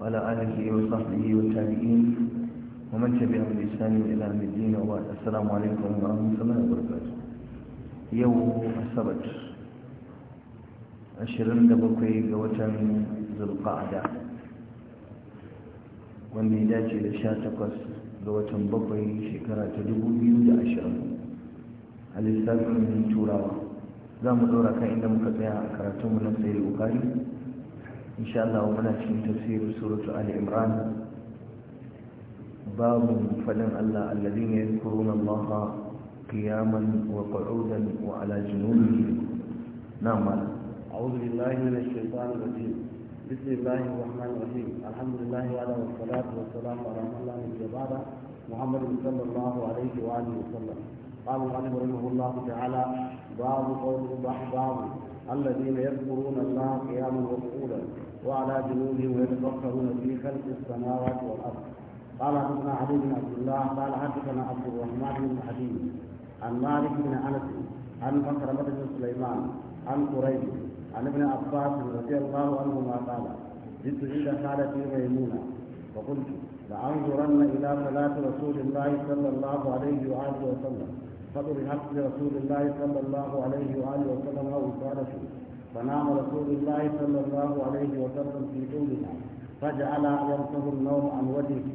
وعلى آله وصحبه والتابعين ومن تبعهم بإحسان إلى يوم الدين وبعد السلام عليكم ورحمة الله وبركاته يوم السبت ashirin da bakwai ga watan zulqa'ada wanda ya dace da sha takwas ga watan bakwai shekara ta dubu biyu da ashirin a lissafin turawa za mu ɗora kan inda muka tsaya a karatunmu na sayar إن شاء الله ومنا في تفسير سورة آل عمران باب فلن الله الذين يذكرون الله قياما وقعودا وعلى جنوبهم نعم أعوذ بالله من الشيطان الرجيم بسم الله الرحمن الرحيم الحمد لله على والصلاة والسلام على من لا نبي بعده محمد صلى الله عليه وآله وسلم قال المؤلف رحمه الله تعالى باب قول باب الذين يذكرون الله قياما وقعودا وعلى جنوبهم ويتفكرون في خلق السماوات والارض قال حدثنا علي بن عبد الله قال حدثنا عبد الرحمن بن حبيب عن مالك بن انس عن مكرمة بن سليمان عن قريب عن ابن عباس رضي الله عنهما قال جئت عند خالتي ميمونة فقلت لأنظرن إلى صلاة رسول الله صلى الله عليه وآله وسلم فضل حق رسول الله صلى الله عليه وآله وسلم وصالته فنام رسول الله صلى الله عليه وسلم في طولنا فجعل يرفض النوم عن وجهه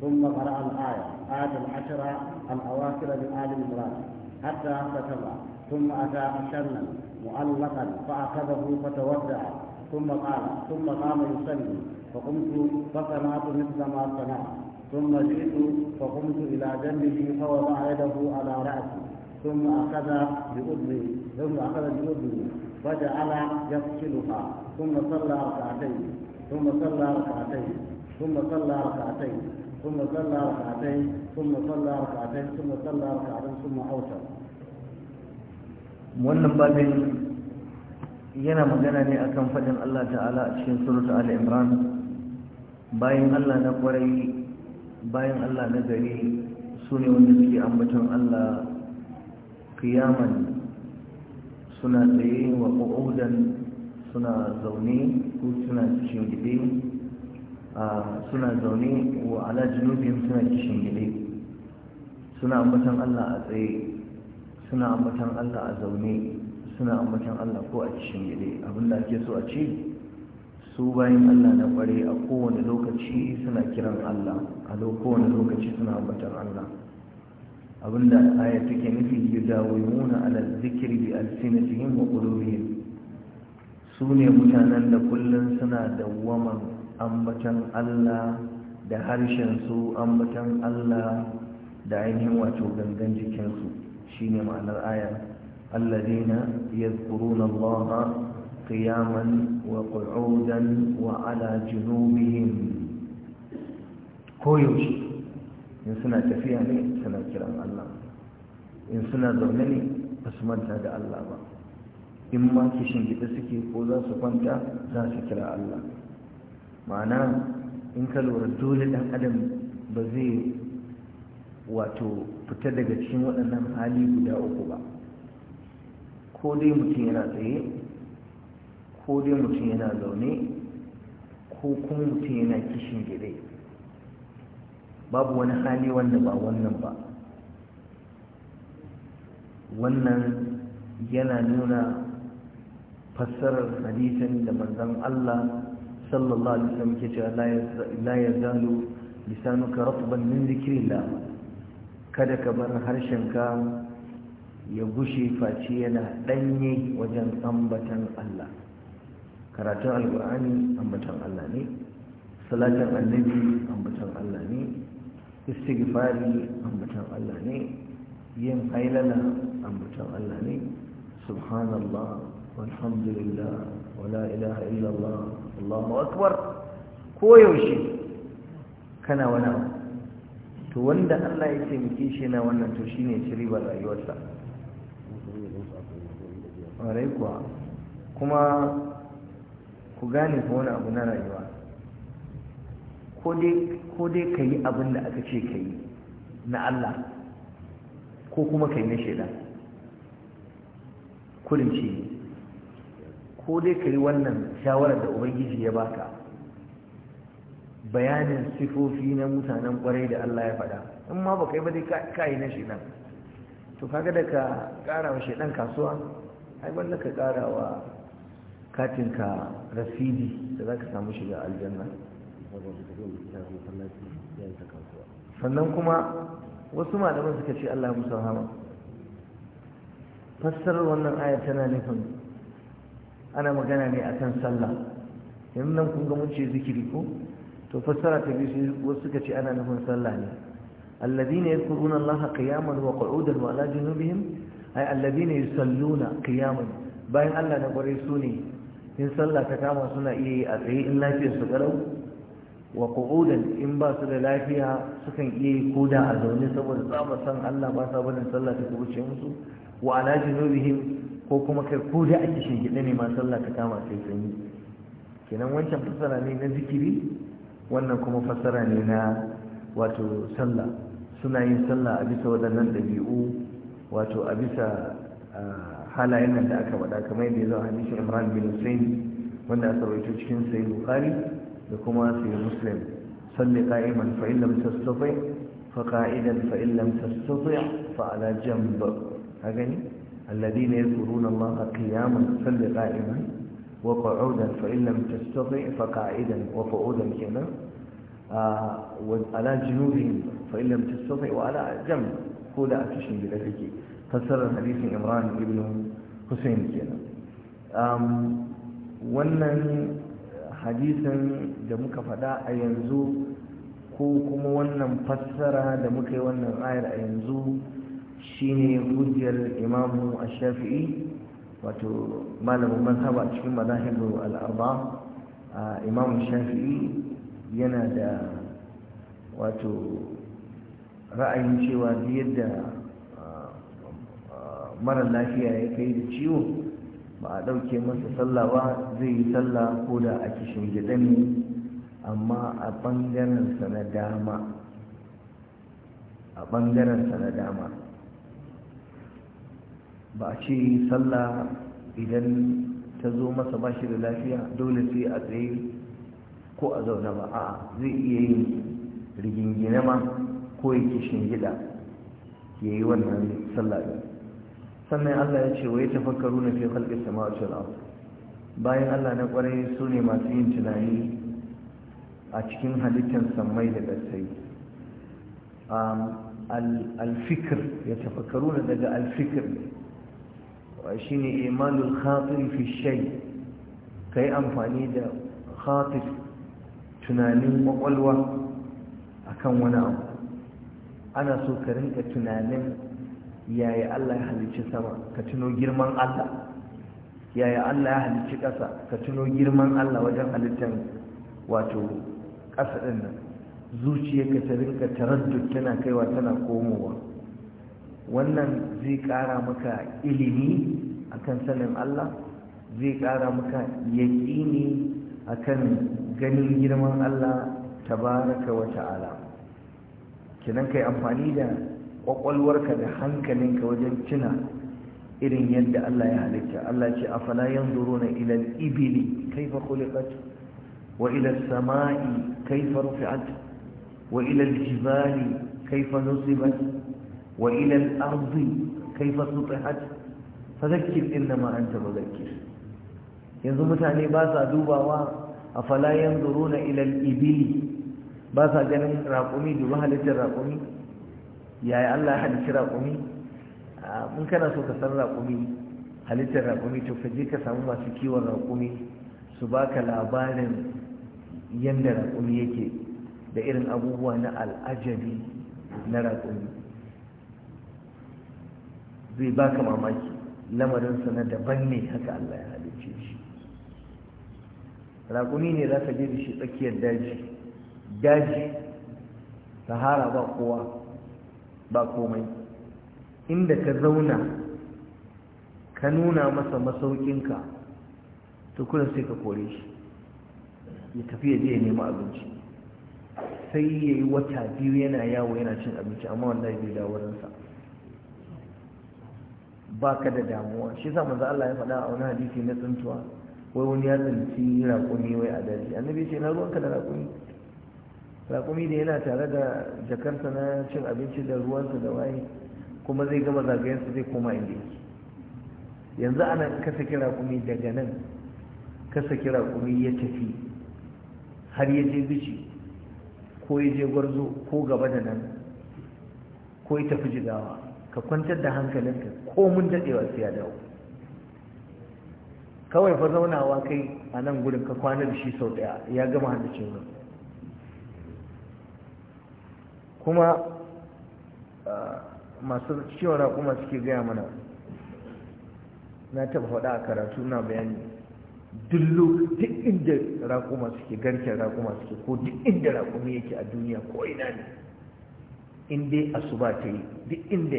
ثم قرأ الآية آية العشرة الأواخر من آل عمران حتى كتب ثم أتى شنا معلقا فأخذه فتودع ثم قال ثم قام يصلي فقمت فصنعت مثل ما صنع ثم جئت فقمت إلى جنبه فوضع يده على رأسي ثم أخذ بأذنه ثم أخذ بأذنه فجعل يفصلها ثم صلى ركعتين ثم صلى ركعتين ثم صلى ركعتين ثم صلى ركعتين ثم صلى ركعتين ثم صلى ركعتين ثم أوتر wannan babin yana magana ne akan faɗin Allah ta'ala a cikin surat al-imran bayan Allah na kwarai bayan Allah na gari su ne wanda suke ambaton Allah kiyaman suna tsaye wa ƙo'udan suna zaune ko suna shingide suna zaune wa ala junubin suna shingide suna ambatan Allah a tsaye suna ambatan Allah a zaune suna ambatan Allah ko a shingide abinda ake so a ce su bayan Allah na kware a kowane lokaci suna kiran Allah a kowane lokaci suna ambatan Allah abinda aya take nufi yudawimuna ala zikri bi alsinatihim wa qulubihim su ne mutanen da kullum suna da dawwaman ambatan Allah da harshen su ambatan Allah da ainihin wato gangan jikinsu shine ma'anar aya alladhina yadhkuruna Allah qiyaman wa qu'udan wa ala junubihim koyaushe in suna tafiya ne suna kiran Allah in suna zaune ne ba su manta da Allah ba in ma kishin gida suke ko za su kwanta za su kira Allah ma'ana in ka lura dole ɗan adam ba zai wato fita daga cikin waɗannan hali guda uku ba ko dai mutum yana tsaye ko dai mutum yana zaune ko kuma mutum yana kishin gida babu wani hali wanda ba wannan ba wannan yana nuna fassarar hadisin da manzon Allah sallallahu alaihi wasallam ke cewa la yazalu lisanuka ratban min zikrillah kada ka bar harshenka ya gushe face yana danye wajen ambatan Allah karatun alqur'ani ambatan Allah ne salatin annabi ambatan Allah ne istighfari ambatan Allah ne yin hailala ambatan Allah ne subhanallah walhamdulillah wala ilaha illallah Allahu akbar ko yaushe kana wani to wanda Allah ya miki shi na wannan to shine ci rayuwarsa kuma ku gane ko wani abu na rayuwa ko dai ka yi abin da aka ce ka yi na Allah ko kuma ka yi na shaidan ne. ko dai ka yi wannan shawarar da ubangiji ya baka bayanin sifofi na mutanen kwarai da Allah ya faɗa in ma ba kai ba dai ka yi na shaidan to kaga da ka kara wa shaidan kasuwa ai wanda ka kara wa katinka rasidi da za ka samu shiga aljanna sannan kuma wasu malaman suka ce Allah musu rahama fassarar wannan ayar tana nufin ana magana ne akan sallah yanzu nan kun ga mun ce zikiri ko to fassara ta biyu wasu suka ce ana nufin sallah ne alladhina yadhkuruna Allaha qiyaman wa qu'udan wa ala junubihim ay alladhina yusalluna qiyaman bayan Allah na kware su ne in sallah ta kama suna iya yi a tsaye in lafiyar su garau wa qu'udan in ba su da lafiya sukan iya yi koda a zaune saboda tsaba san Allah ba sabonin barin sallah ta kubuce musu wa ala ko kuma kai koda a kishin gida ne ma sallah ta kama sai sanyi kenan wancan fasara ne na zikiri wannan kuma fasara ne na wato sallah suna yin sallah a bisa waɗannan ɗabi'u wato a bisa halayen nan da aka faɗa kamar yadda ya zo a hadisin Imran bin Hussein wanda aka rawaito cikin sai Bukhari da kuma sai muslim salli qa'iman fa in lam tastati fa qa'idan fa in lam tastati fa ala janb a gani alladhina yadhkuruna allaha qiyaman salli qa'iman wa qu'udan fa in lam tastati fa qa'idan wa qu'udan kenan ala junubihim fa in lam tastati wa ala janb ko da a cikin gida kake fassarar hadisin imran ibn husayn kenan wannan hadisin da muka faɗa a yanzu ko kuma wannan fassara da muka yi wannan ayar a yanzu shine hujjar imamu a shafii wato malamin mazhaba cikin mazahibu al'arba imamu shafi'i yana da wato ra'ayin cewa yadda mara lafiya ya kai da ciwo ba a ɗauke masa sallah ba zai yi sallah ko da a kishin gida ne amma a ɓangarensa na dama a ɓangarensa na dama ba a ce sallah idan ta zo masa ba shi da lafiya dole sai a tsaye ko a zauna ba a zai iya yin rigingine ma ko ya kishin gida ya yi wannan sallah sannan Allah ya ce wa yatafakkaruna fi khalqis samawati wal ardh bayan Allah na kwarai su ne masu yin tunani a cikin halittar sammai da ƙasai alfikir ya tafakaru na daga alfikir shi ne imanul khatir fi shai ka yi amfani da khatir tunanin kwakwalwa a kan wani abu ana so ka rinka tunanin yaya Allah ya halicci sama ka tuno girman Allah yaya Allah ya halicci ƙasa ka tuno girman Allah wajen halittar wato ƙasa ɗin nan ka ta rinka taraddud tana kaiwa tana komowa wannan zai ƙara maka ilimi a kan sanin Allah zai ƙara maka yaƙini kan ganin girman Allah tabaraka wa ta'ala ka kai amfani da kwakwalwarka da hankalinka wajen cina irin yadda Allah ya halitta Allah ce afala yanzuruna ila al-ibli kayfa khuliqat wa ila samai kayfa rufi'at wa ila al-jibali kayfa nusibat wa ila al-ardi kayfa sutihat fadhakkir innama anta mudhakkir yanzu mutane ba sa dubawa a afala yanzuruna ila ilal Ibili ba sa ganin raƙumi duba halittar raƙumi yaya Allah ya halicci raƙumi in kana so ka san raƙumi halittar raƙumi to ka je ka samu masu kiwon raƙumi su baka labarin yadda raƙumi yake da irin abubuwa na al'ajabi na raƙumi zai baka mamaki lamarinsa na daban ne haka Allah ya halicce shi raƙumi ne za ka je da shi tsakiyar daji daji sahara ba kowa ba komai inda ka zauna ka nuna masa masaukinka kuna sai ka kore shi ya tafi ya je ya nema abinci sai ya yi wata biyu yana yawo yana cin abinci amma wallahi bai dawo wurinsa ba ka da damuwa shi sa manzo Allah ya faɗa a wani hadisi na tsuntuwa wai wani ya tsinci raƙumi wai a daji annabi ce na ruwanka da raƙumi raƙumi da yana tare da jakarsa na cin abinci da ruwansa da waye kuma zai gama zagayensa zai koma inda yake yanzu ana ka saki raƙumi daga nan ka saki raƙumi ya tafi har ya je bici ko ya je gwarzo ko gaba da nan ko ya tafi jigawa ka kwantar da hankalinka ko mun daɗewa sai ya dawo kawai fa zaunawa kai a nan gudun ka kwana da shi sau ɗaya ya gama hannun cin kuma masu ciwon raƙuma suke gaya mana na taɓa faɗa a karatu na bayani duk inda raƙuma suke garken raƙuma suke ko duk inda raƙumi yake a duniya ko ina ne inda asuba ta yi duk inda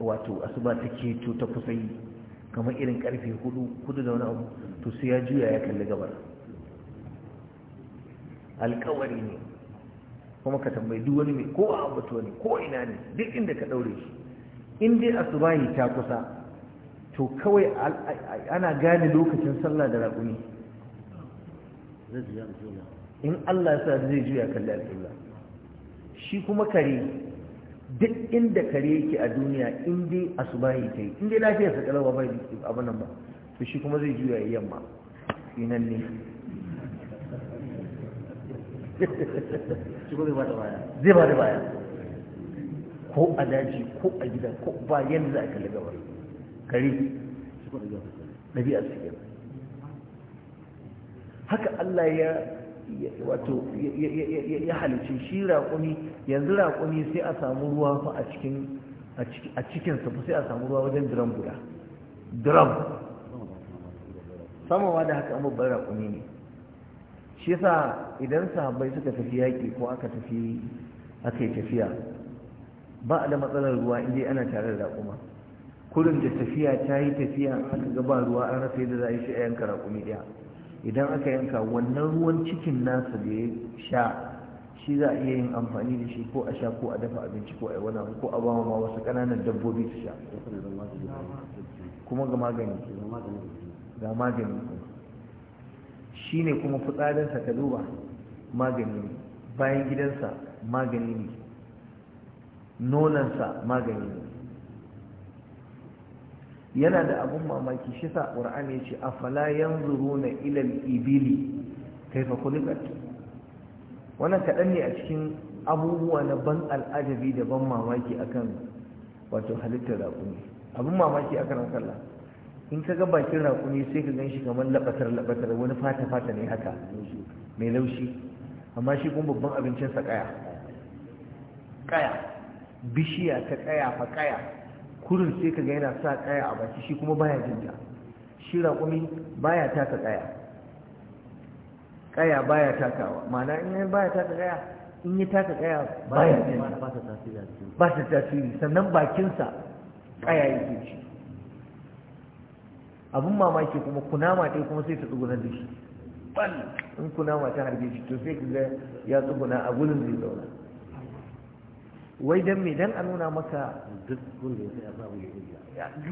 wato asuba ta to ta kusa yi kamar irin karfe hudu hudu da wani abu to sai ya juya ya kalli gabar alkawari ne kuma ka tambayi duk wani mai ko a abatu wani ko ina ne duk inda ka daure shi in dai subahi ta kusa to kawai ana gane lokacin sallah da raƙumi in Allah ya sa zai juya kalli alƙibla shi kuma kare duk inda kare yake a duniya in dai subahi ta yi in dai lafiyarsa kalawa bai abu nan ba to shi kuma zai juya yamma inan ne zai ba da baya ko a daji ko a gida ko ba yadda za a kalli gabar kare ɗabi'ar su kenan haka Allah ya wato ya halicci shi raƙumi yanzu raƙumi sai a samu ruwa fa a cikin a cikin sa sai a samu ruwa wajen drum guda drum samawa da haka amma bar raƙumi ne shi yasa idan sahabbai suka tafi yaƙi ko aka tafi aka yi tafiya ba da matsalar ruwa inda ana tare da raƙuma kurin da tafiya ta yi tafiya aka gaba ruwa an rasa yadda za a yi shi a yanka raƙumi ɗaya idan aka yanka wannan ruwan cikin nasa da ya sha shi za a iya yin amfani da shi ko a sha ko a dafa abinci ko a yi wani ko a ba ma wasu ƙananan dabbobi su sha kuma ga magani ga magani shi ne kuma fitsarinsa ka duba magani ne bayan gidansa magani ne nonansa magani ne yana da abun mamaki shi sa ƙura'an ya ce yanzu runa ilal ibili kaifa kulikat wannan kaɗan ne a cikin abubuwa na ban al'ajabi da ban mamaki akan wato halittar raƙumi abun mamaki akan kallon in ka ga bakin raƙumi sai ka ganshi kamar labatar labatar wani fata fata ne haka mai laushi amma shi kuma babban abincinsa kaya kaya bishiya ta kaya fa kaya kurin sai ka ga yana sa kaya a baki shi kuma baya jinta shi raƙumi baya taka kaya kaya baya takawa ma'ana in baya taka kaya in yi taka kaya baya jinta ba ta tasiri sannan bakinsa kaya yake shi abin mamaki kuma kunama ɗaya kuma sai ta tsuguna da shi in kunama ta harbe shi to sai kaga ya tsuguna a gurin zai zauna wai dan me dan a nuna maka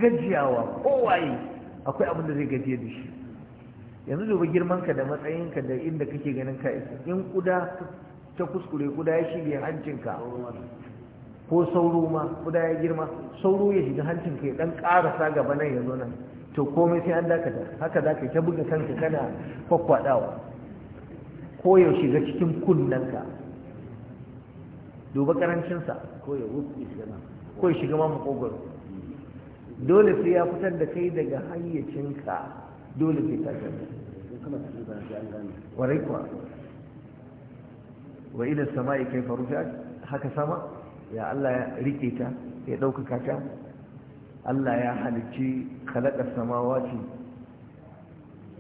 gajiyawa kowaye akwai abin da zai gajiya da shi yanzu zuba girmanka da matsayinka da inda kake ganin ka isa in kuda ta kuskure kuda ya shige hancinka ko sauro ma kuda ya girma sauro ya shiga hancinka ya dan karasa gaba nan ya zo nan to komai sai an dakata haka za ka ta buga kanka kana kwakwadawa ko ya shiga cikin kunnanka duba karancinsa ko ya wuce shiga ko ya shiga ma makogwaro dole sai ya fitar da kai daga hayyacinka dole sai ta shiga warai kuwa wa ila sama'i kai faru haka sama ya Allah ya rike ta ya ɗaukaka ta Allah ya halicci khalaqa samawati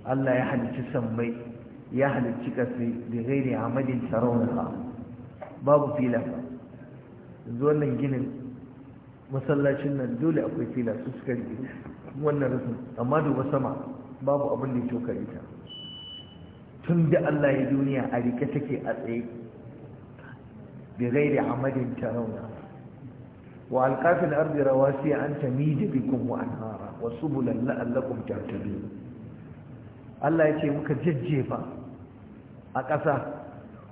Allah ya halicci sammai ya halicci kasi da gairi amadin sarawunka babu filafa yanzu wannan ginin masallacin nan dole akwai fila su suka rike wannan rasin amma duba sama babu abin da ya coka ita tun da Allah ya duniya a rike take a tsaye da gairi amadin tarawunka وألقى في الأرض رواسي أن تميد بكم وأنهارا وسبلا لعلكم تهتدون الله يتي muka jajjefa a ƙasa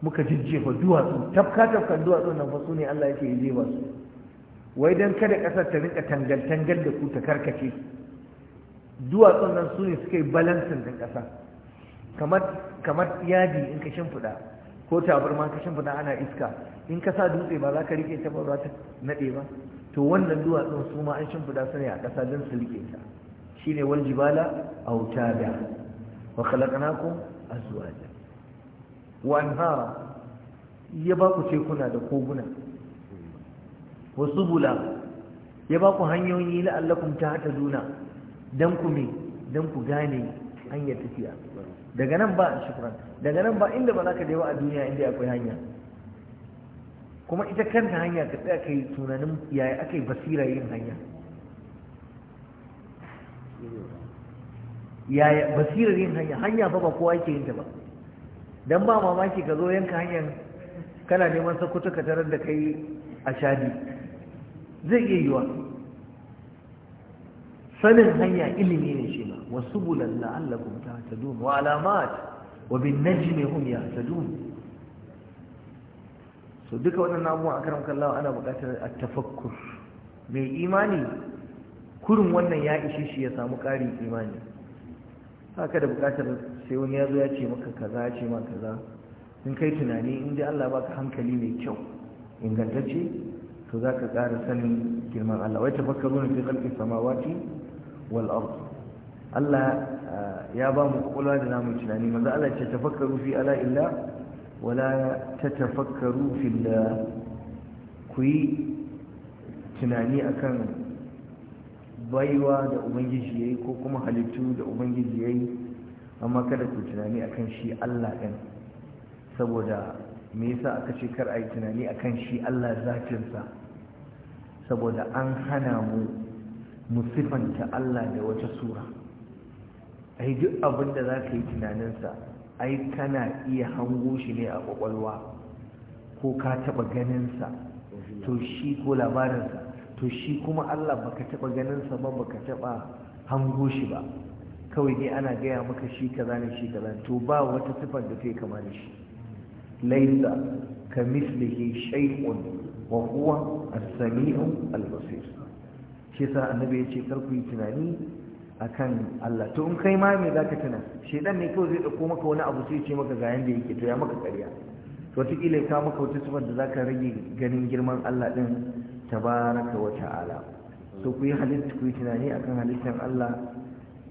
muka jajjefa duwatsu tafka tafkan duwatsu nan fa sune Allah yake yi jefa su wai dan kada ƙasar ta rinka tangal tangal da ku ta karkace duwatsun nan sune suke yi balancing din ƙasa kamar kamar yadi in ka shimfiɗa ko tabarma ka shimfiɗa ana iska in ka sa dutse ba za ka rike ta ba za ta naɗe ba to wannan duwatsun su ma an shimfiɗa su ne a ƙasa don su rike ta shine wal jibala autada wa khalaqnakum azwaja wa anhara ya ba ku tekuna da koguna wa subula ya ba ku hanyoyi la'allakum duna dan ku me dan ku gane hanyar tafiya daga nan ba shukuran daga nan ba inda ba za ka je ba a duniya inda akwai hanya kuma ita kanta hanya ka tsaya ka yi tunanin yaya aka yi basira yin hanya yaya basirar yin hanya hanya fa ba kowa yake yin ta ba dan ba mamaki ka zo yanka hanyar kana neman sakuta ka tarar da kai a shadi zai iya yiwa sanin hanya ilimi ne shi ba wasu bulan la'allakum يهتدون وعلامات وبالنجم هم يهتدون so duka waɗannan abubuwan a karan kallawa ana buƙatar a tafakkur mai imani kurin wannan ya ishe shi ya samu ƙarin imani haka da buƙatar sai wani ya zo ya ce maka kaza ya ce maka kaza in kai tunani in dai Allah baka hankali mai kyau ingantacce to za ka ƙara sanin girman Allah wai tafakkaru ne fi khalqi samawati wal ardh Allah ah, ya ba mu kwakwalwa da namun tunani manzo Allah ce tafakkaru fi ala illa wala tatafakkaru fi la ku yi tunani akan baiwa da ubangiji yayi ko kuma halittu da ubangiji yayi amma kada ku tunani akan shi Allah ɗin saboda me yasa aka ce kar a yi tunani akan shi Allah zatinsa saboda an hana mu mu sifanta Allah da wata sura ai duk abin da za ka yi tunaninsa ai kana iya hango shi ne a kwakwalwa ko ka taba ganinsa to shi ko labarinsa to shi kuma allah baka taba ganin sa ba baka taba hango shi ba kawai dai ana gaya maka shi kaza ne shi kaza to ba wata sifar da ta yi kama da shi laisa ka mislihi shay'un wa huwa as-sami'u al shi sa annabi ya ce kar ku yi tunani akan Allah to in kai ma me zaka tuna shedan ne kawai zai dauko maka wani abu sai ce maka ga yanda yake to ya maka ƙarya to wataƙila ya maka wata sifar da zaka rage ganin girman Allah din tabaraka wa ta'ala to ku yi halitta ku yi tunani akan halittar Allah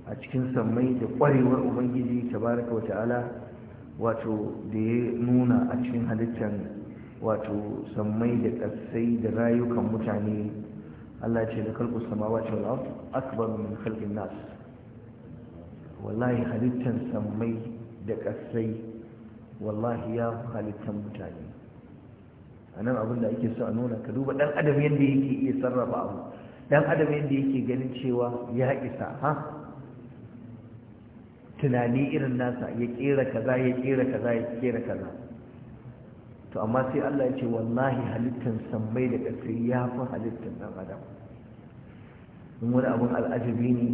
a cikin sammai da ƙwarewar ubangiji tabaraka wa ta'ala wato da ya nuna a cikin halittar wato sammai da ƙasai da rayukan mutane Allah ya ce da kalbu samawati wal ard akbar min khalqin nas wallahi halittan samai da kasai wallahi ya halittan mutane anan abin da ake so a nuna ka duba dan adam yanda yake iya sarrafa abu dan adam yanda yake ganin cewa ya isa ha tunani irin nasa ya kera kaza ya kera kaza ya kera kaza to amma sai Allah ya ce wallahi halittan sammai da ƙasai ya fi halittan ɗan adam in wani abin al'ajabi ne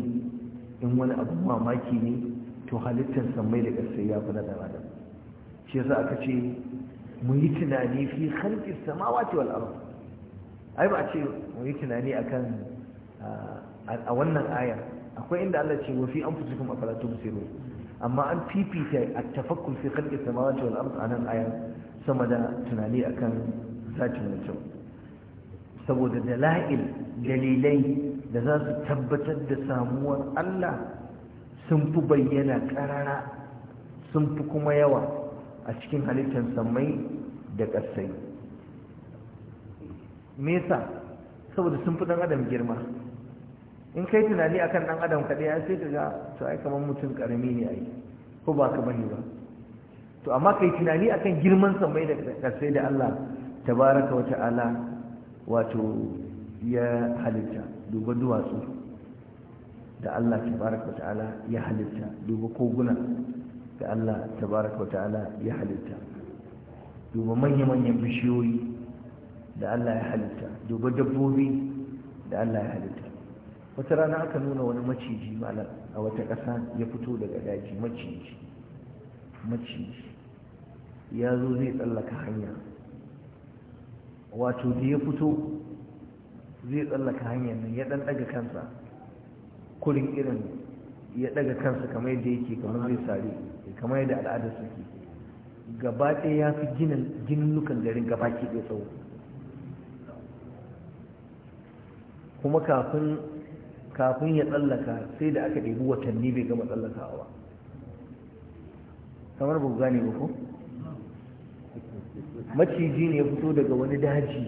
in wani abin mamaki ne to halittan sammai da ƙasai ya fi na ɗan adam shi yasa aka ce mu yi tunani fi halƙin samawati wal ardh ai ba a ce mu yi tunani a kan, a wannan aya akwai inda Allah ce wa fi an fi anfusikum afala tubsirun amma an fifita at-tafakkur fi khalqi samawati wal a nan aya sama da tunani akan zaki mutum saboda dala'il dalilai da za su tabbatar da samuwar Allah sun fi bayyana ƙarara sun fi kuma yawa a cikin halittar samai da ƙasai mesa saboda sun fi ɗan adam girma in kai tunani akan ɗan adam kaɗai ya sai kaga ga to ai kamar mutum ƙarami ne ai ko ba ka bane ba to amma kai tunani akan girman sa, mai da kasai da Allah tabaraka wa ta'ala wato ya halitta duba duwatsu da Allah tabaraka wa ta'ala ya halitta duba koguna da Allah tabaraka wa ta'ala ya halitta duba manya-manyan bishiyoyi da Allah ya halitta duba dabbobi da Allah ya halitta wata rana aka nuna wani maciji malam a wata ƙasa ya fito daga daji maciji maciji ya zo zai tsallaka hanya wato da ya fito zai tsallaka hanyar nan ya ɗan ɗaga kansa kurin irin ya ɗaga kansa kamar yadda yake kamar zai sare kamar yadda al'adar suke gaba ɗaya ya fi nukan garin gaba ke ɗaya tsawo kuma kafin ya tsallaka sai da aka ɗebi watanni bai gama tsallakawa kamar ba gane ba ko maciji ne ya fito daga wani daji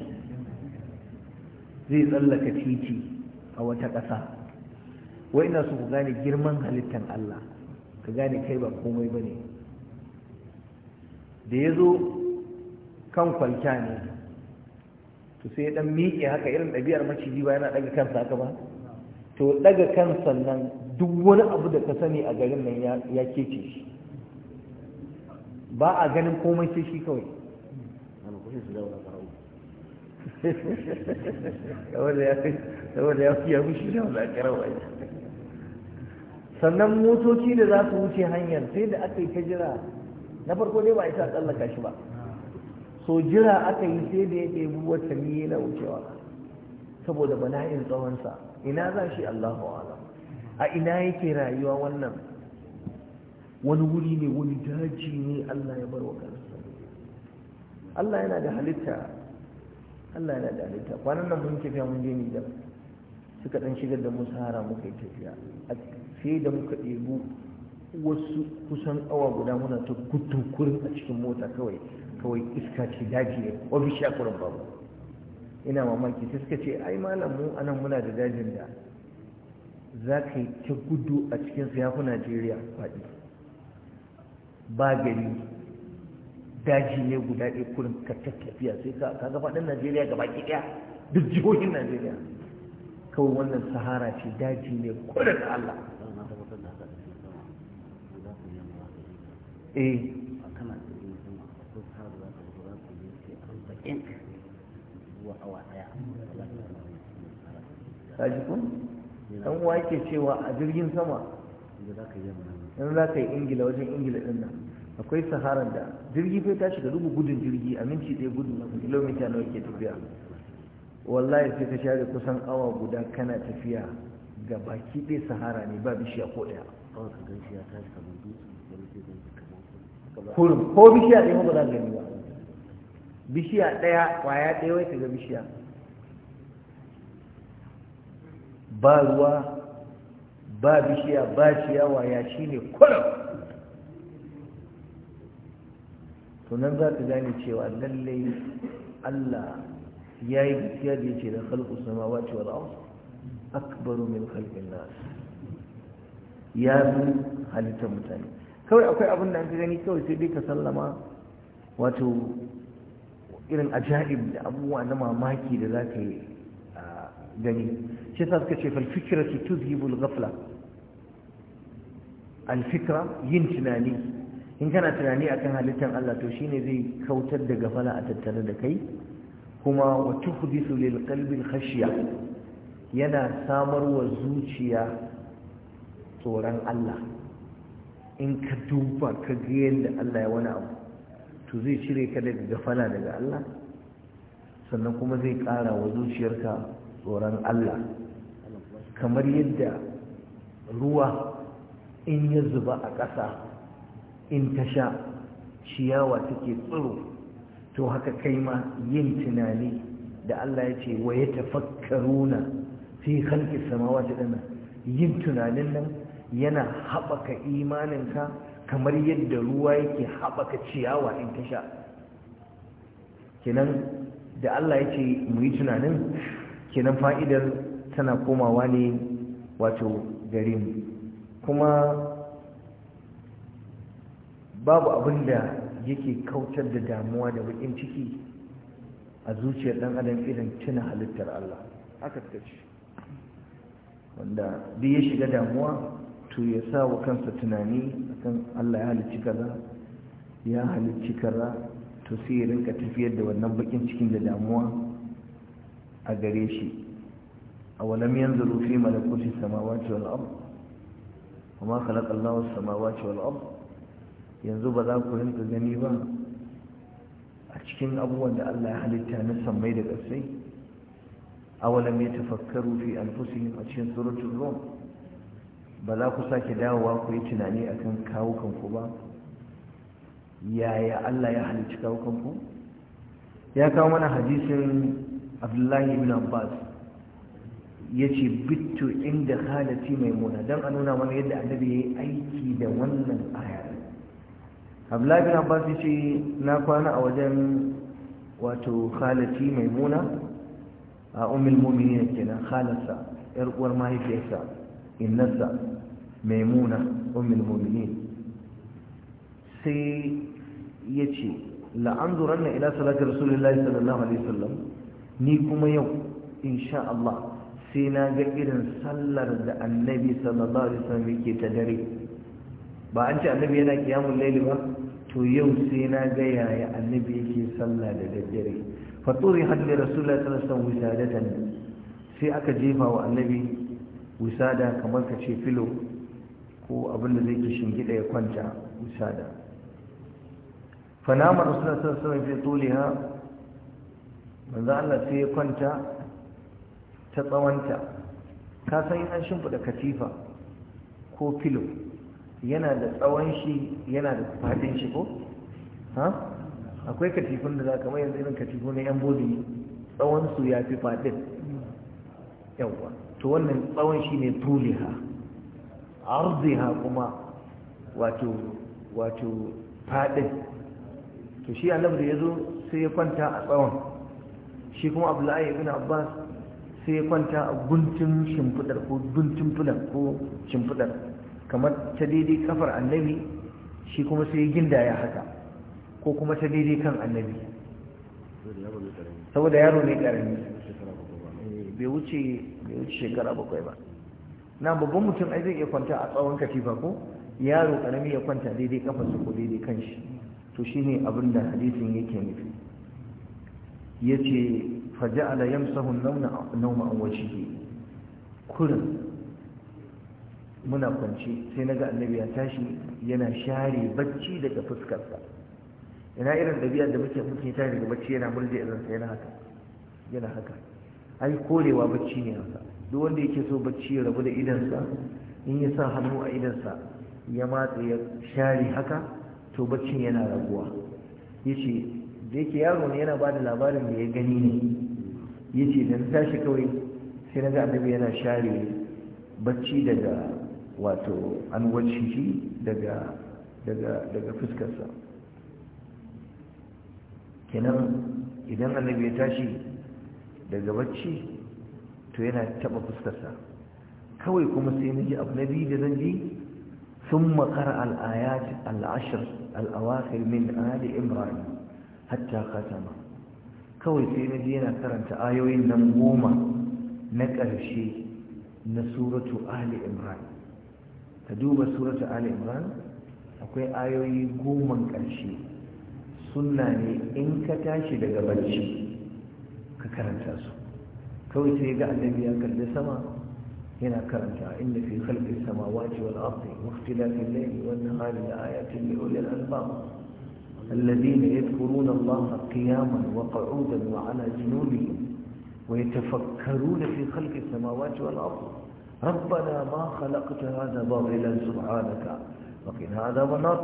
zai tsallaka titi a wata ƙasa wai ina su ku gane girman halittar Allah ka gane kai ba komai ba ne da ya zo kan kwalta ne to sai ya ɗan miƙe haka irin ɗabi'ar maciji ba yana ɗaga kansa haka ba to ɗaga kansa nan duk wani abu da ka sani a garin nan ya kece shi ba a ganin komai sai shi kawai sai su zauna farau ya mushi da sannan motoci da za su wuce hanyar sai da aka yi ta jira na farko dai ba a isa tsallaka shi ba so jira aka yi sai da ya wata watanni yana wucewa saboda bala'in tsawonsa ina za shi Allahu alam a ina yake rayuwa wannan wani wuri ne wani daji ne Allah ya bar wa Allah yana da halitta Allah yana da halitta kwanan nan mun tafiya mun je da suka dan shigar da musu hara muka yi tafiya sai da muka ɗebu wasu kusan awa guda muna ta kurin a cikin mota kawai kawai iska ce daji ne ofishiya kurin babu ina mamaki sai suka ce ai malam mu anan muna da dajin da za ka yi ta gudu a cikin su yafi najeriya faɗi ba gari daji ne guda ɗaya kurin ka tafiya sai ka ka gaba ɗan Najeriya gaba ki ɗaya duk jihohin Najeriya kawai wannan sahara ce daji ne kurin Allah eh kaji kun dan wake cewa a jirgin sama in za ka yi ingila wajen ingila ɗin nan akwai saharar da jirgi fai tashi da rubu gudun jirgi a minti ɗaya gudun na kilomita nawa ke tafiya wallahi sai ka share kusan awa guda kana tafiya ga baki ɗaya sahara ne ba bishiya ko ɗaya kurum ko bishiya ɗaya ba za gani ba bishiya ɗaya ƙwaya ɗaya wai ka ga bishiya ba ruwa ba bishiya ba ciyawa ya shine kurum to za ka gane cewa lallai Allah ya yi gaskiya da ya ce da khalqus samawati wal ardh akbaru min khalqin nasu, ya fi halittar mutane kawai akwai abin da an fi gani kawai sai dai ka sallama wato irin ajaib da abubuwa na mamaki da za ka yi gani shi sa suka ce falfikira su tuzhibul ghafla alfikra yin tunani in kana tunani akan halittar Allah to shine zai kautar da gafala a tattare da kai kuma wa tuhdisu lil qalbi khashya yana samarwa zuciya tsoron Allah in ka duba ka ga yadda Allah ya wani abu to zai cire ka daga gafala daga Allah sannan kuma zai kara wa zuciyarka tsoron Allah kamar yadda ruwa in ya zuba a ƙasa in ta sha ciyawa take tsiro to haka kai ma yin tunani da Allah ya ce wa ya tafakkaruna fi khalqi samawati dana yin tunanin nan yana haɓaka imaninka kamar yadda ruwa yake haɓaka ciyawa in ta sha kenan da Allah ya ce mu yi tunanin kenan fa'idar tana komawa ne wato gare kuma babu abin da yake kautar da damuwa da bakin ciki a zuciyar dan adam irin tuna halittar Allah haka ta ce wanda duk ya shiga damuwa to ya sa wa kansa tunani akan Allah ya halicci kaza ya halicci kaza to sai ya rinka tafiyar da wannan bakin cikin da damuwa a gare shi a walam yanzuru fi malakuti samawati wal ard khalaqa Allahu samawati wal والأرض yanzu ba za ku rinka gani ba a cikin abubuwan da Allah ya halitta na samai da ƙasai wani mai tafakkaru fi anfusihim a cikin suratul ruwan? ba za ku sake dawowa ku yi tunani akan kawukan ku ba yaya Allah ya halicci kawukan ku ya kawo mana hadisin Abdullahi ibn Abbas ya ce bittu inda mai muna, don a nuna mana yadda annabi ya yi aiki da wannan aya abdullahi bin abbas yace na kwana a wajen wato khalati maimuna a ummul mu'minin kenan khalarsa yar uwar mahaifiyarsa innarsa maimuna ummul mu'minin sai ya ce yace la'anzuranna ila salati rasulillahi sallallahu alaihi wasallam ni kuma yau insha Allah sai na ga irin sallar da annabi sallallahu alaihi wasallam yake ta dare ba an ce annabi yana kiyamun laili ba to yau sai na ga yaya annabi yake sallah da daddare fa turi hadda rasulullahi sallallahu alaihi wasallam wisadatan sai aka jefa wa annabi wisada kamar ka ce filo ko abin da zai ke shingida ya kwanta wisada fa nama rasulullahi sallallahu alaihi wasallam fi tuliha manzo Allah sai ya kwanta ta tsawanta ka san an shimfida katifa ko filo yana da tsawon shi yana da fadin shi ko ha akwai katifun da za kamar yanzu irin katifu na yan bodi tsawon su ya fi fadin yawwa to wannan tsawon shi ne tuliha arziha kuma wato wato fadin to shi annabi da ya zo sai ya kwanta a tsawon shi kuma la'ayi ibn abbas sai ya kwanta a guntun shimfidar ko guntun fulan ko shimfidar kamar ta daidai kafar annabi shi kuma sai ginda ya haka ko kuma ta daidai kan annabi saboda yaro ne karami eh, bai wuce shekara bakwai ba na babban mutum ai zai iya kwanta a tsawon katifa ko yaro karami ya kwanta daidai kafar su ko daidai kan shi to shine abin da hadisin yake nufi yace faja'ala yamsahu an-nawma an wajhihi kurin muna kwance sai na ga annabi ya tashi yana share bacci daga fuskarsa ina irin ɗabi'ar da muke muke tashi daga bacci yana murje irinsa yana haka yana haka ai korewa bacci ne haka duk wanda yake so bacci ya rabu da idansa in ya sa hannu a idansa ya matsa ya share haka to baccin yana raguwa ya ce da yake yaro ne yana ba da labarin da ya gani ne ya ce da na tashi kawai sai na ga annabi yana share bacci daga wato an wacce shi daga fuskarsa kenan idan annabi ya tashi daga bacci to yana taba fuskarsa kawai kuma sai na ji abu na biyu da zan ji sun makara al'ayat al'ashir al'awakir min ali imran hatta katama kawai sai na ji yana karanta ayoyin nan goma na ƙarshe na suratu ali imran ka duba surata ali imran akwai ayoyi goma ƙarshe sunna ne in ka tashi daga barci ka karanta su kawai sai ga annabi ya kalli sama إن في خلق السماوات والأرض واختلاف الليل والنهار لآيات لأولي الألباب الذين يذكرون الله قياما وقعودا وعلى جنوبهم ويتفكرون في خلق السماوات والأرض ربنا ما خلقت هذا باطلا سبحانك وقنا هذا النار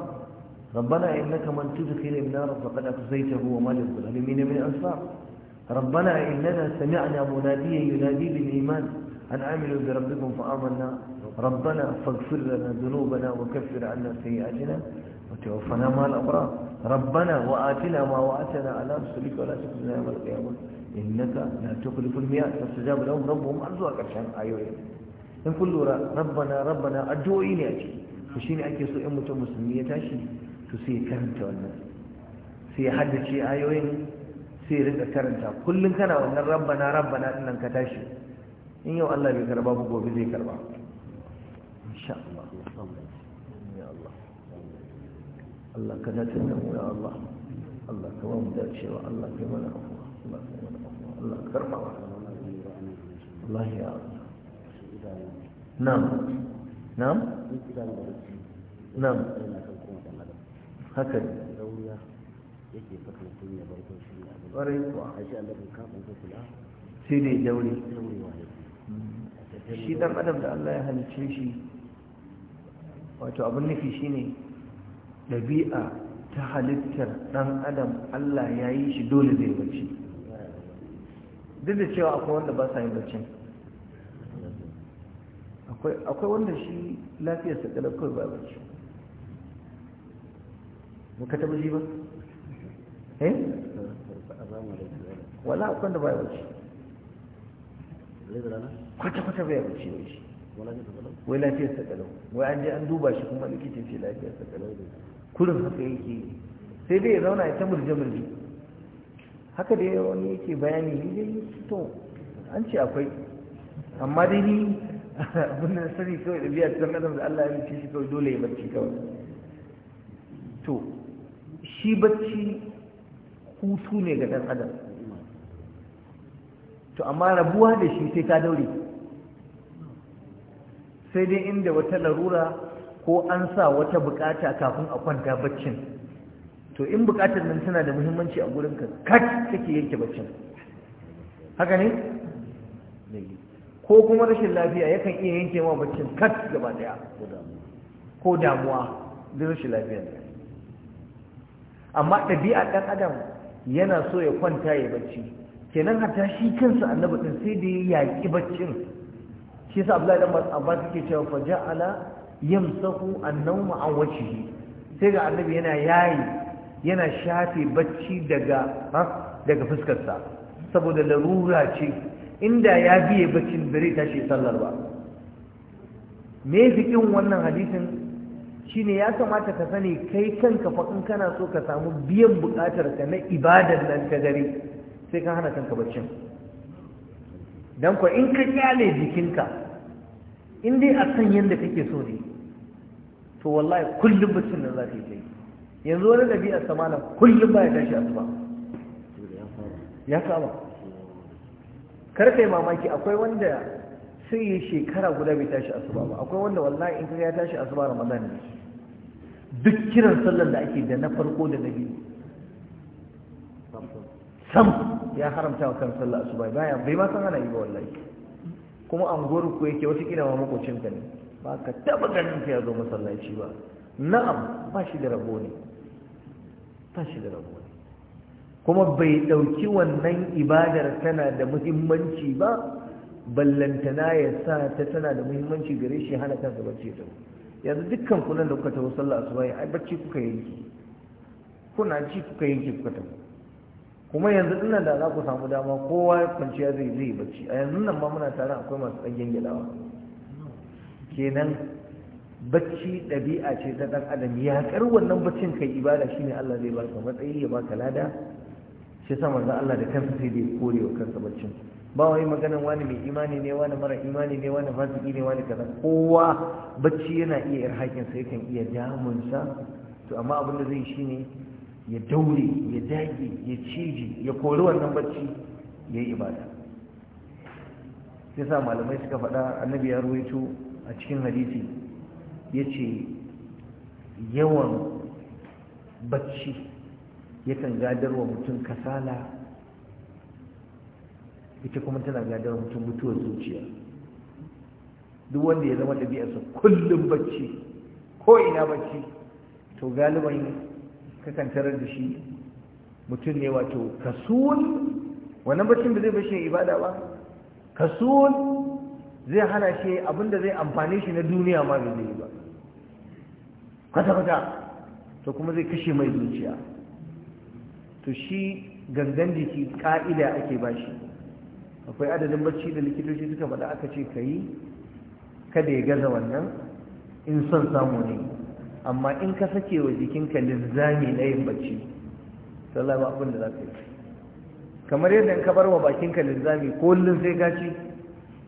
ربنا إنك من تدخل النار فقد أخزيته وما للظالمين من أنصار ربنا إننا سمعنا مناديا ينادي بالإيمان أن عملوا بربكم فآمنا ربنا فاغفر لنا ذنوبنا وكفر عنا سيئاتنا وتوفنا مع الأبرار ربنا وآتنا ما وآتنا على رسلك ولا تخزنا يوم القيامة إنك لا تخلف المياه فاستجاب لهم ربهم أرزقك عشان أيوه in kun lura rabbana rabbana addu'o'i ne a ciki to shine ake so in mutum musulmi ya tashi to sai ya karanta wannan sai ya haddace ayoyin sai ya rinka karanta kullum kana wannan rabbana rabbana din nan ka tashi in yau Allah bai karba ba gobe zai karba insha Allah ya Allah Allah ka da ya Allah Allah ka ba mu dacewa Allah ka mana afuwa Allah ka mana afuwa Allah ka karba ya Allah na'am na'am na'am shi dan adam da Allah ya shi wato abin nufi ne, ɗabi'a ta halittar dan adam Allah ya yi shi dole zai bacci duk da cewa akwai wanda ba sa yin baccin akwai wanda shi lafiyar kalar kawai ba bacci muka taba ji ba eh wala akwai da ba bacci kwata-kwata bai bacci wai shi wai lafiyar kalar wai an je an duba shi kuma likitin ce lafiyar kalar kurin haka yake sai dai ya zauna ya ta murje-murje haka da wani yake bayani ne dai to an ce akwai amma dai ni abin da sani kawai da biya ɗan adam da Allah ya yi shi kawai dole ya bacci kawai to shi bacci hutu ne ga ɗan adam to amma rabuwa da shi sai ka daure sai dai inda wata larura ko an sa wata bukata kafin a kwanta baccin to in bukatar nan tana da muhimmanci a gurin ka kat take yanke baccin haka ne ko kuma rashin lafiya yakan iya yanke ma baccin kat gaba daya ko damuwa da rashin lafiya amma ɗabi'a ɗan adam yana so ya kwanta ya bacci kenan hata shi kansa annabi din sai da ya yaƙi baccin shi yasa Abdullahi dan Abbas yake cewa fa ja'ala yamsahu an-nawma an wajhihi sai ga annabi yana yayi yana shafe bacci daga daga fuskarsa saboda larura ce inda ya biye bacin bare tashi sallar ba me fikin wannan hadisin shine ya kamata ka sani kai kanka fa in kana so ka samu biyan bukatar ka na ibadar nan ta gare sai ka hana kanka baccin dan ko in ka kyale jikinka in dai a san yanda kake so ne to wallahi kullum bacin nan za ka yi yanzu wani a samanin kullum ba ya tashi asuba ya saba karfe mamaki akwai wanda sai yi shekara guda bai tashi asuba ba akwai wanda wallahi in ya tashi asuba ramadan ne duk kiran sallar da ake da na farko da na biyu sam ya haramta wa kan sallar asuba baya bai ma san ana yi ba wallahi kuma an gori ku yake wata kina ma makocin ka ne ba ka taba ganin ka ya zo masallaci ba na'am ba shi da rabo ne ba shi da rabo ne kuma bai ɗauki wannan ibadar tana da muhimmanci ba ballantana ya sa ta tana da muhimmanci gare shi hana kansa bacci ta yanzu dukkan kunan da kuka tafi sallah asuba ai bacci kuka yanki kuna ci kuka yanki kuka tafi. kuma yanzu nan da za ku samu dama kowa kwanciya zai zai bacci a yanzu nan ma muna tare akwai masu ɗan gyangyaɗawa. kenan bacci ɗabi'a ce ta ɗan adam ya wannan baccin kai ibada shine Allah zai baka matsayi ya baka lada shi yasa manzo Allah da kansa sai da ya kore wa kansa baccin ba wai maganan wani mai imani ne wani mara imani ne wani fasiki ne wani kaza kowa bacci yana iya irhakin sa yakan iya damunsa to amma abin da zai shine ya daure ya dage ya ciji ya kori wannan bacci yayi ibada sai sa malamai suka faɗa annabi ya ruwaito a cikin hadisi yace yawan bacci yakan gadarwa mutum kasala ita kuma tana gadarwa mutum mutuwar zuciya duk wanda ya zama ɗabi'arsa kullum bacci ko ina bacci to galiban kakan tarar da shi mutum ne wato kasuwan. wannan baccin da zai bashi ibada ba Kasuwan zai hana shi abinda zai amfani shi na duniya ma zai ba kwata-kwata to kuma zai kashe mai zuciya to shi gangan jiki ka'ida ake bashi akwai adadin bacci da likitoci suka faɗa aka ce ka yi kada ya gaza wannan in son samu ne amma in ka sake wa jikinka linzami na yin bacci sallama abin da za ka yi kamar yadda in ka bar wa bakinka linzami kullum sai gaci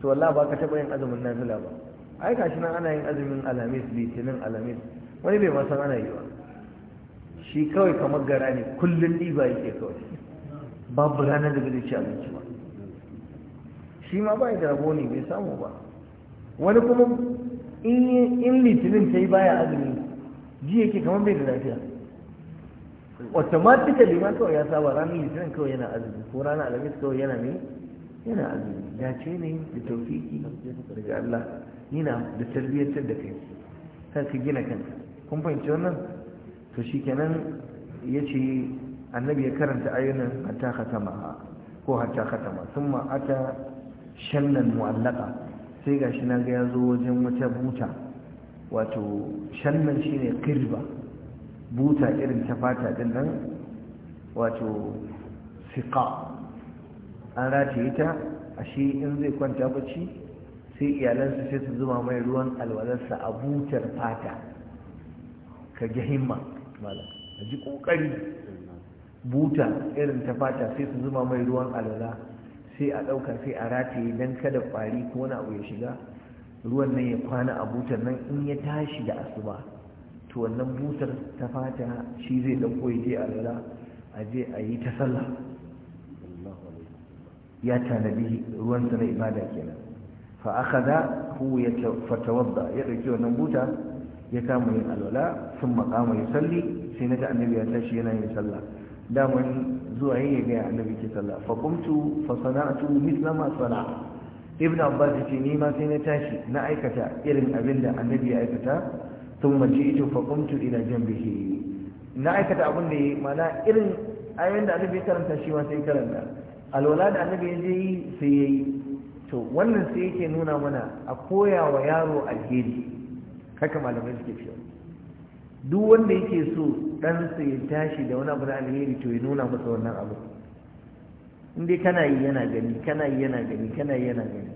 to wallah ba ka taɓa yin azumin nazila ba ai shi nan ana yin azumin alamis litinin alamis wani bai ma san ana yi ba shi kawai kamar gara ne kullum ɗiba yake kawai babu ranar da zai ci abinci ba shi ma ba da rabo ne bai samu ba wani kuma in litinin ta yi baya azumi ji yake kamar bai da lafiya automatically ma kawai ya saba ranar litinin kawai yana azumi ko ranar alamis kawai yana ne yana azumi ya ce ne da taufiki daga Allah yana da tarbiyyantar da kai kan ka gina kanka kun fahimci wannan to shi kenan ya ce annabi ya karanta ayyunan hatta khatama ko hatta khatama sun ata shannan mu'allaka sai gashi na ga ya wajen wata buta wato shannan shi kirba buta irin ta fata din nan wato siƙa an rataye ta ashe in zai kwanta bacci sai iyalansa sai su zuba mai ruwan alwalarsa a butar fata ka ga himma malam a ji kokari buta irin ta fata sai su zuma mai ruwan alala sai a ɗauka sai a rataye don kada kwari ko wani abu ya shiga ruwan nan ya kwana a butar nan in ya tashi da asuba to wannan butar ta fata shi zai ɗauko ya je alala a je a yi ta sallah ya tanadi ruwan na ibada kenan fa akhadha hu yatawadda ya dauki wannan buta ya kama yin alwala sun makama ya salli sai na ga annabi ya tashi yana yin sallah daman zuwa yin ya gaya annabi ke sallah fa kumtu fa sana'atu mithla ma sana ibn abbas ce ni ma sai na tashi na aikata irin abin da annabi ya aikata mace ito fa kumtu ila janbihi na aikata abin da yayi mana irin ayoyin da annabi ya karanta shi ma sai karanta alwala da annabi ya je sai ya yi. to wannan sai yake nuna mana a koya wa yaro alheri haka malamai suke cewa duk wanda yake so ɗansa ya tashi da wani abu da alheri to ya nuna masa wannan abu in dai kana yi yana gani kana yi yana gani kana yi yana gani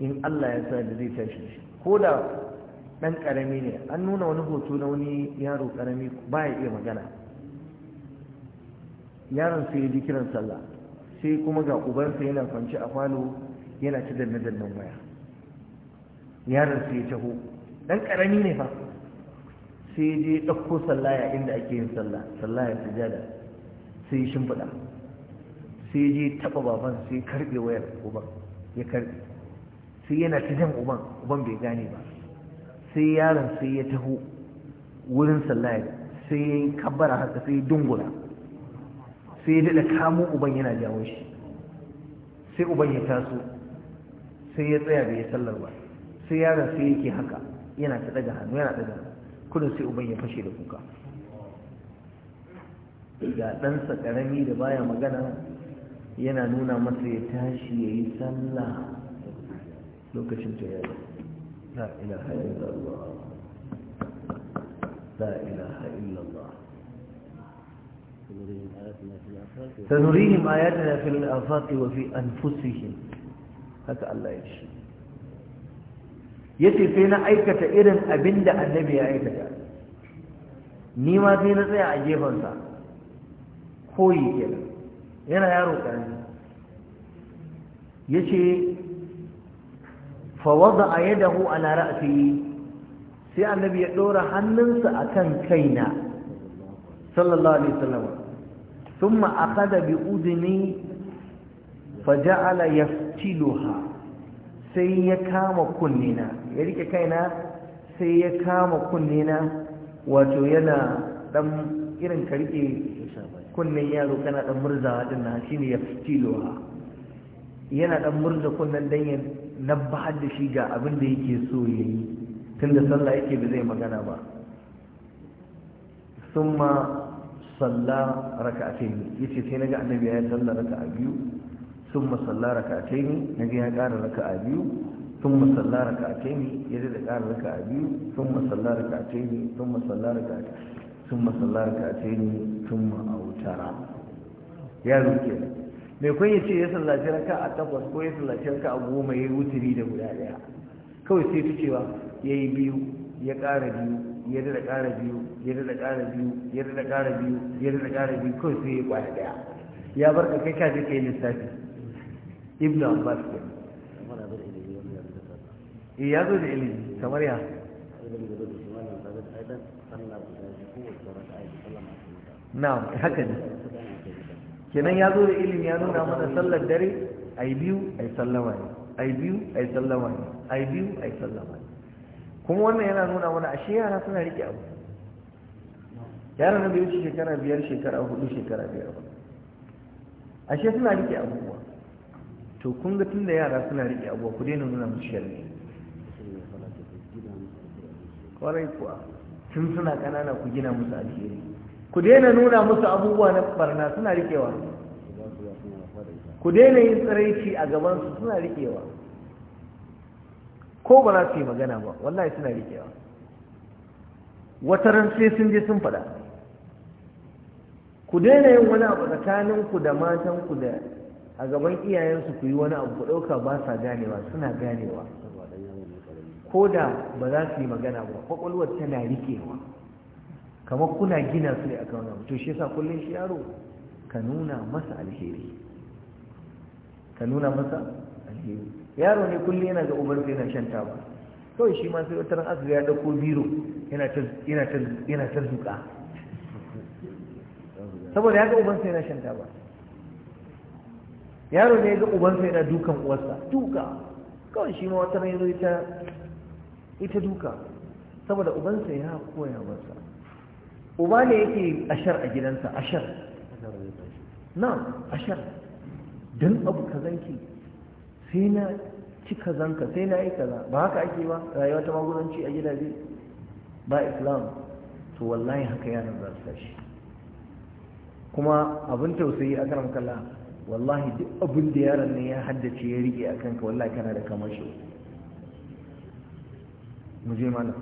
in Allah ya sa da zai tashi shi ko da ɗan ƙarami ne an nuna wani hoto na wani yaro ƙarami ba ya iya magana yaron sai ya ji kiran sallah sai kuma ga ubansa yana kwanci a falo yana ci danne-dannen waya yaron sai ya taho dan karami ne fa sai je ɗauko sallaya inda ake yin sallah sallaya sujada sai shimfiɗa sai je taɓa baban sai karɓe wayar uban ya karɓe sai yana ta jan uban uban bai gane ba sai yaron sai ya taho wurin sallaya sai ya yi kabbara haka sai ya dungula sai ya daɗa kamo uban yana jawo shi sai uban ya taso sai ya tsaya bai sallar ba sai yaron sai yake haka yana ta daga hannu yana daga hannu kudin sai uban ya fashe da kuka ga ɗansa ƙarami da baya magana yana nuna masa ya tashi ya yi sallah lokacin ta yaro la ilaha illallah la ilaha illallah sanurihim ayatina fil afaqi wa fi anfusihim haka Allah ya ce Ya ce sai na aikata irin abin da annabi ya aikata ni ma sai na tsaya a gefensa koyi kenan yana yaro ƙarami ce, fa a yadahu ala ra'sihi sai annabi ya dora hannunsa akan kaina sallallahu alaihi wasallam thumma akhadha bi udni faja'ala yaftiluha sai ya kama kunnina ya rike kaina sai ya kama kunne na wato yana dan irin ka rike kunnen yaro kana dan murzawa din nan shine ya fitilowa yana dan murza kunnen dan ya nabba hadda shi ga abin da yake so yayi tunda sallah yake ba zai magana ba summa salla raka'atayn yace sai naga annabi ya salla raka'a biyu summa salla raka'atayn naga ya ƙara raka'a biyu Sun masallara da ƙara raka ثم صلى ركعتين يرد قال ركعتين ثم صلى ركعتين ثم صلى ركعتين ثم صلى ركعتين ثم اوتر يا ركن mai kun ce ya sallaci raka a takwas ko ya sallaci raka a goma ya yi wuturi da guda ɗaya? kawai sai ta cewa ya yi biyu ya ƙara biyu ya da ƙara biyu ya da ƙara biyu ya da ƙara biyu ya da ƙara biyu kawai sai ya kwaya ɗaya. ya bar ka kai ka je ka yi lissafi ibnu abbas kenan Eh, ya zo da ilimi kamar ya na'am haka ne kenan ya zo da ilimi ya nuna mana sallar dare ai biyu ai sallama ne yi biyu yi sallama ne yi biyu yi sallama ne kuma wannan yana nuna mana ashe yara suna rike abu yara na bai wuce shekara biyar shekara hudu shekara biyar ba ashe suna rike abubuwa to kun ga tunda yara suna rike abubuwa ku daina nuna musu sharri kwarai kuwa tun suna kanana ku gina musu alheri ku daina nuna musu abubuwa na barna suna rikewa ku daina yin tsiraici a gabansu suna rikewa ko ba za su yi magana ba wallahi suna rikewa wata ran sai sun je sun faɗa ku daina yin wani abu tsakaninku da matanku da a gaban iyayensu ku yi wani abu ku ɗauka ba sa ganewa suna ganewa ko da ba za su yi magana ba kwakwalwar tana rikewa kamar kuna gina su ne a kan wani to shi yasa kullum shi yaro ka nuna masa alheri ka nuna masa alheri yaro ne kullum yana ga ubarsa yana shan taba kawai shi ma sai wata asuwa ya dauko biro yana ta zuka saboda ya ga ubansa yana shan taba yaro ne ya ga ubansa yana dukan uwarsa duka kawai shi ma wata ran yanzu ta ita duka saboda ubansa ya koya masa uba ne yake ashar a gidansa ashar na ashar don abu kazanki sai na ci kazanka sai na yi kaza ba haka ake ba rayuwa ta magudanci a gidaje ba islam to wallahi haka yanar za su tashi kuma abin tausayi a karam wallahi duk abin da yaron ne ya haddace ya rike a kanka wallahi kana da kamar shi mu je mana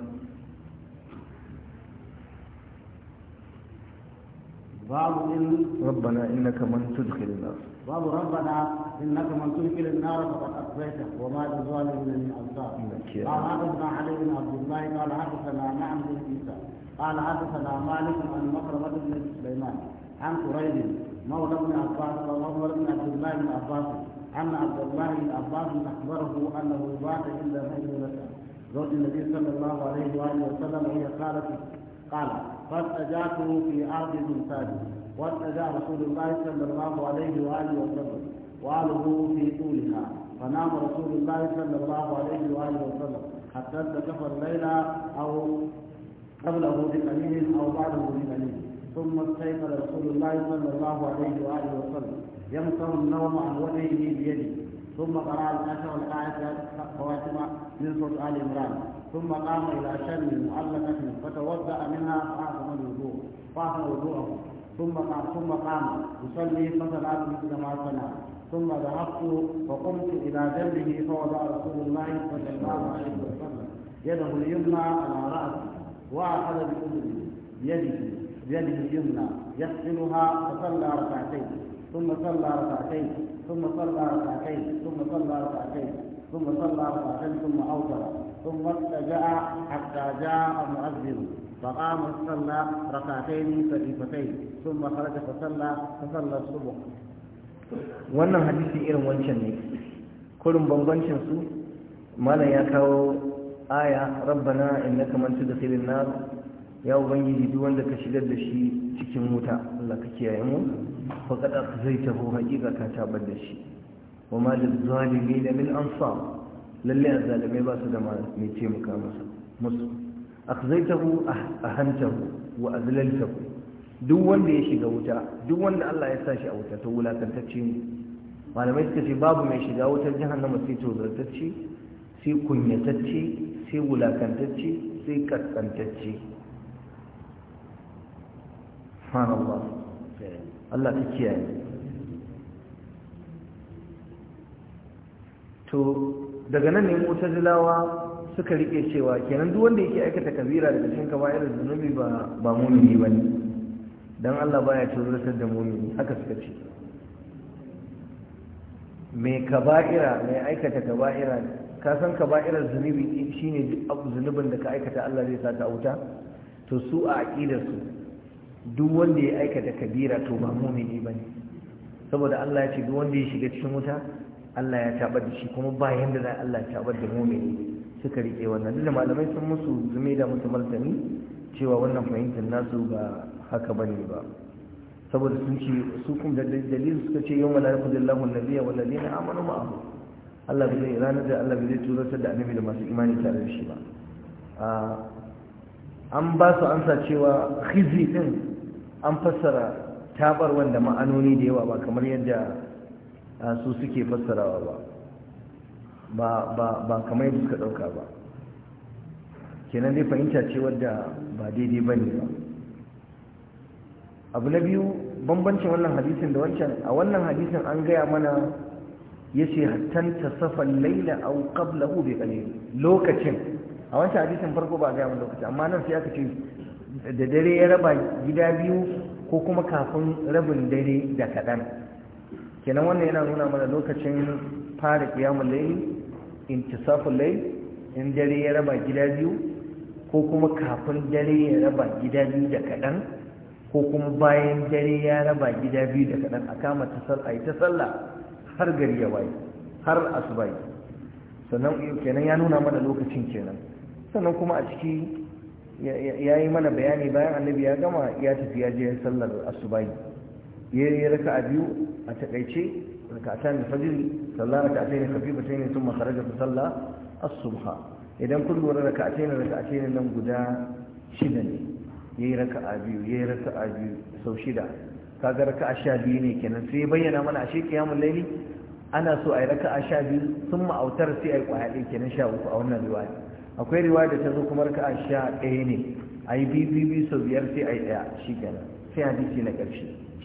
babu in rabbana innaka man tudkhil an-nar babu rabbana innaka man tudkhil an-nar faqad akhbaita wa ma dzalimuna min ansar qala hadathana ali bin abdullah qala hadathana ma'an bin isa qala hadathana malik an makrama bin sulaiman عن قريب مولى ابن عباس ومولى ابن عبد الله بن عباس عن عبد الله بن عباس اخبره انه بات الا ميمونه زوج النبي صلى الله عليه واله وسلم وهي خالته قال فاستجعته في ارض المساجد واستجا رسول الله صلى الله عليه واله وسلم وآله في طولها فنام رسول الله صلى الله عليه واله وسلم حتى استكف الليل او قبله بقليل او بعده بقليل ثم استيقظ رسول الله صلى الله عليه واله وسلم يمسح النوم عن وجهه بيده ثم قرأ العشر الآية من صوت آل عمران ثم قام إلى شرم معلقة فتوضأ منها فأعظم الوضوء فأعظم وضوءه ثم قام ثم قام يصلي فصلاة مثل ما صنع ثم ذهبت فقمت إلى جنبه فوضع رسول الله صلى الله عليه وسلم يده اليمنى على رأسه وأخذ بأذنه بيده بيده اليمنى يحسنها فصلى ركعتين ثم صلى ركعتين ثم صلى ركعتين ثم صلى ركعتين ثم صلى ركعتين ثم اوتر ثم اتجع حتى جاء مؤذن فقام صلى ركعتين خفيفتين ثم خرج فصلى فصلى الصبح wannan hadisi irin wancan ne kurin bambancin su malam ya kawo aya rabbana innaka da tudkhilin nar ya ubangiji duk wanda ka shigar da shi cikin wuta Allah ka kiyaye mu faqad akhzaytahu haqiqa ka tabar da shi wa ma mil min ansar lalle azzalimai ba su da mai ce muka masa musu akhzaytahu ahantahu wa azlaltahu duk wanda ya shiga wuta duk wanda Allah ya sa shi a wuta ta wulakantacce ne malamai suka ce babu mai shiga wutar jihar na jahannama sai tozartacce sai kunyatacce sai wulakantacce sai kaskantacce subhanallah Allah ta kiyaye to daga nan ne mutazilawa suka rike cewa kenan duk wanda yake aikata kabira daga cikin kaba'ir zunubi ba ba mumini bane dan Allah baya tsoratar da mumini haka suka ce mai kaba'ira mai aikata kaba'ira ka san kaba'irar zunubi shine duk zunubin da ka aikata Allah zai sa ta auta to su a aqidar su duk wanda ya aikata kabira to ba mumini bane saboda Allah ya ce duk wanda ya shiga cikin wuta Allah ya taɓa da shi kuma ba da za Allah ya tabar da mumini suka riƙe wannan duk da malamai sun musu zume da musu martani cewa wannan fahimtar nasu ba haka bane ba saboda sun ce su kuma da dalilin suka ce yau mala yakun dillahu nabiyya wal ladina amanu ma'ahu Allah bai ranar da Allah bai ta da annabi da masu imani tare da shi ba an ba su ansa cewa khizi din an fassara tabar wanda ma'anoni da yawa ba kamar yadda su suke fassarawa ba ba kamar yadda suka ɗauka ba kenan dai fahimta ce wadda ba daidai ba ne ba abu na biyu bambancin wannan hadisin da wancan a wannan hadisin an gaya mana ya ce hattanta safan laila au kabla bi qalil lokacin a wancan hadisin farko ba gaya mana lokacin amma nan sai aka ce da dare ya raba gida biyu ko kuma kafin rabin dare da kaɗan kenan wannan yana nuna mana lokacin fara kiyamun laili intisaful lail in dare ya raba gida biyu ko kuma kafin dare ya raba gida biyu da kaɗan ko kuma bayan dare ya raba gida biyu da kaɗan a kama ta yi ta sallah har gari ya waye har asuba sannan kenan ya nuna mana lokacin kenan sannan kuma a ciki ya yi mana bayani bayan annabi ya gama ya tafi ya je sallar asuba yayi raka a biyu a takaice raka raka'atan fajiri sallah raka'atayn khafifatayn thumma kharaja fa salla as-subha idan kun lura raka'atayn ne nan guda shida ne yayi a biyu yayi a biyu sau shida kaga raka a sha biyu ne kenan sai ya bayyana mana a ashe qiyamul layli ana so a yi raka a sha biyu thumma ma'autar sai ayi kwaya ɗaya kenan sha uku a wannan riwaya akwai riwaya da ta zo kuma a sha ɗaya ne ayi biyu biyu sau biyar sai ayi ɗaya shi kenan sai hadisi na ƙarshe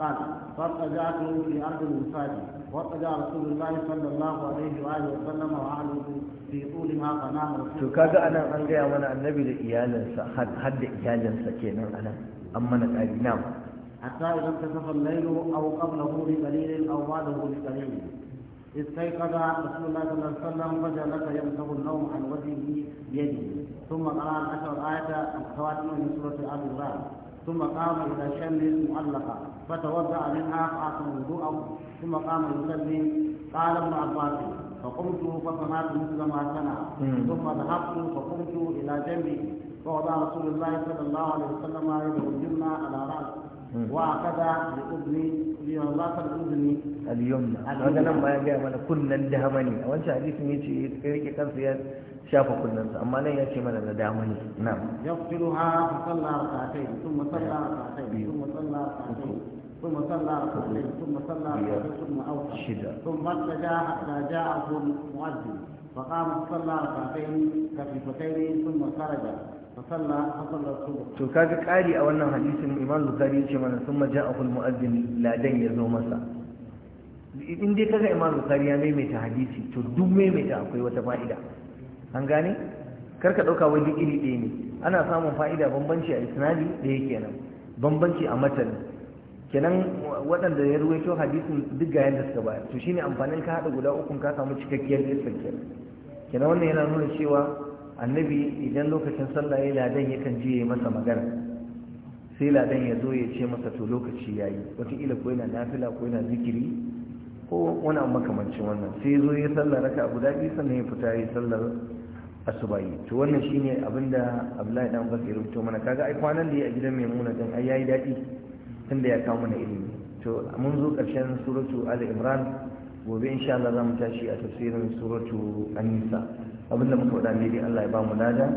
قال فارتجعته في أرض الوفاة وارتجع رسول الله صلى الله عليه وآله وسلم وعلي في طولها قناه رسول الله أنا أن انا وأنا النبي لإيالنسا حد حد إيالنسا كينا أنا أما نتعلم نعم حتى إذا انتصف الليل أو قبله بقليل أو بعده بقليل استيقظ رسول الله صلى الله عليه وسلم فجلس يمسح النوم عن وجهه بيده ثم قرأ العشر آية الخواتم من سورة آل عمران ثم قام إلى شمل معلقة فتوضأ منها فاعطى وضوءه ثم قام يصلي قال ابن عباس فقمت فصنعت مثل ما صنع ثم ذهبت فقمت إلى جنبي فوضع رسول الله صلى الله عليه وسلم يده اليمنى على رأسه واخذ الاذن بنظافه الاذن اليمنى هذا لما جاء من كنا دهمني وانت حديث يجي يريك كنسي شاف كل كنا اما لا يجي من الدهمني نعم يغسلها فصلى ركعتين ثم صلى ركعتين ثم صلى ركعتين ثم صلى ركعتين ثم صلى ركعتين ثم اوصى ثم ارتجى حتى جاءه المؤذن فقام صلى ركعتين خفيفتين ثم خرج to kaga kari a wannan hadisin imam bukari ya ce mana sun maja a kulmu azumi ladan ya zo masa in dai kaga imam bukari ya maimaita hadisi to duk maimaita akwai wata fa'ida an gane karka ɗauka wai duk iri ɗaya ne ana samun fa'ida bambanci a isnadi ɗaya kenan bambanci a matan kenan waɗanda ya ruwaito hadisin duk ga yadda suka bayar to shine amfanin ka haɗa guda ukun ka samu cikakkiyar isar kenan wannan yana nuna cewa annabi idan lokacin sallah ya ladan yakan je ya masa magana sai ladan ya zo ya ce masa to lokaci ya yi ila ko yana nafila ko yana zikiri ko wani abu makamancin wannan sai zo ya sallah raka abu dadi sannan ya fita ya sallar asubayi to wannan shine abinda abdullahi dan bakir to mana kaga ai kwanan da ya a gidan maimuna dan ai yayi daɗi tunda ya kawo mana ilimi to mun zo karshen suratu al imran gobe insha Allah za mu tashi a tafsirin suratu an-nisa abinda muka faɗa ne dai Allah ya ba mu lada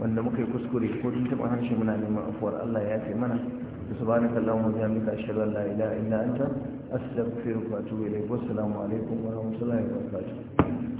wanda muka yi kuskure ko duk taɓa harshe muna neman afuwar Allah ya yafe mana da kalla mu wa bihamdika shi an la ilaha illa anta astaghfiruka wa atubu ilayk wa assalamu alaikum wa rahmatullahi wa barakatuh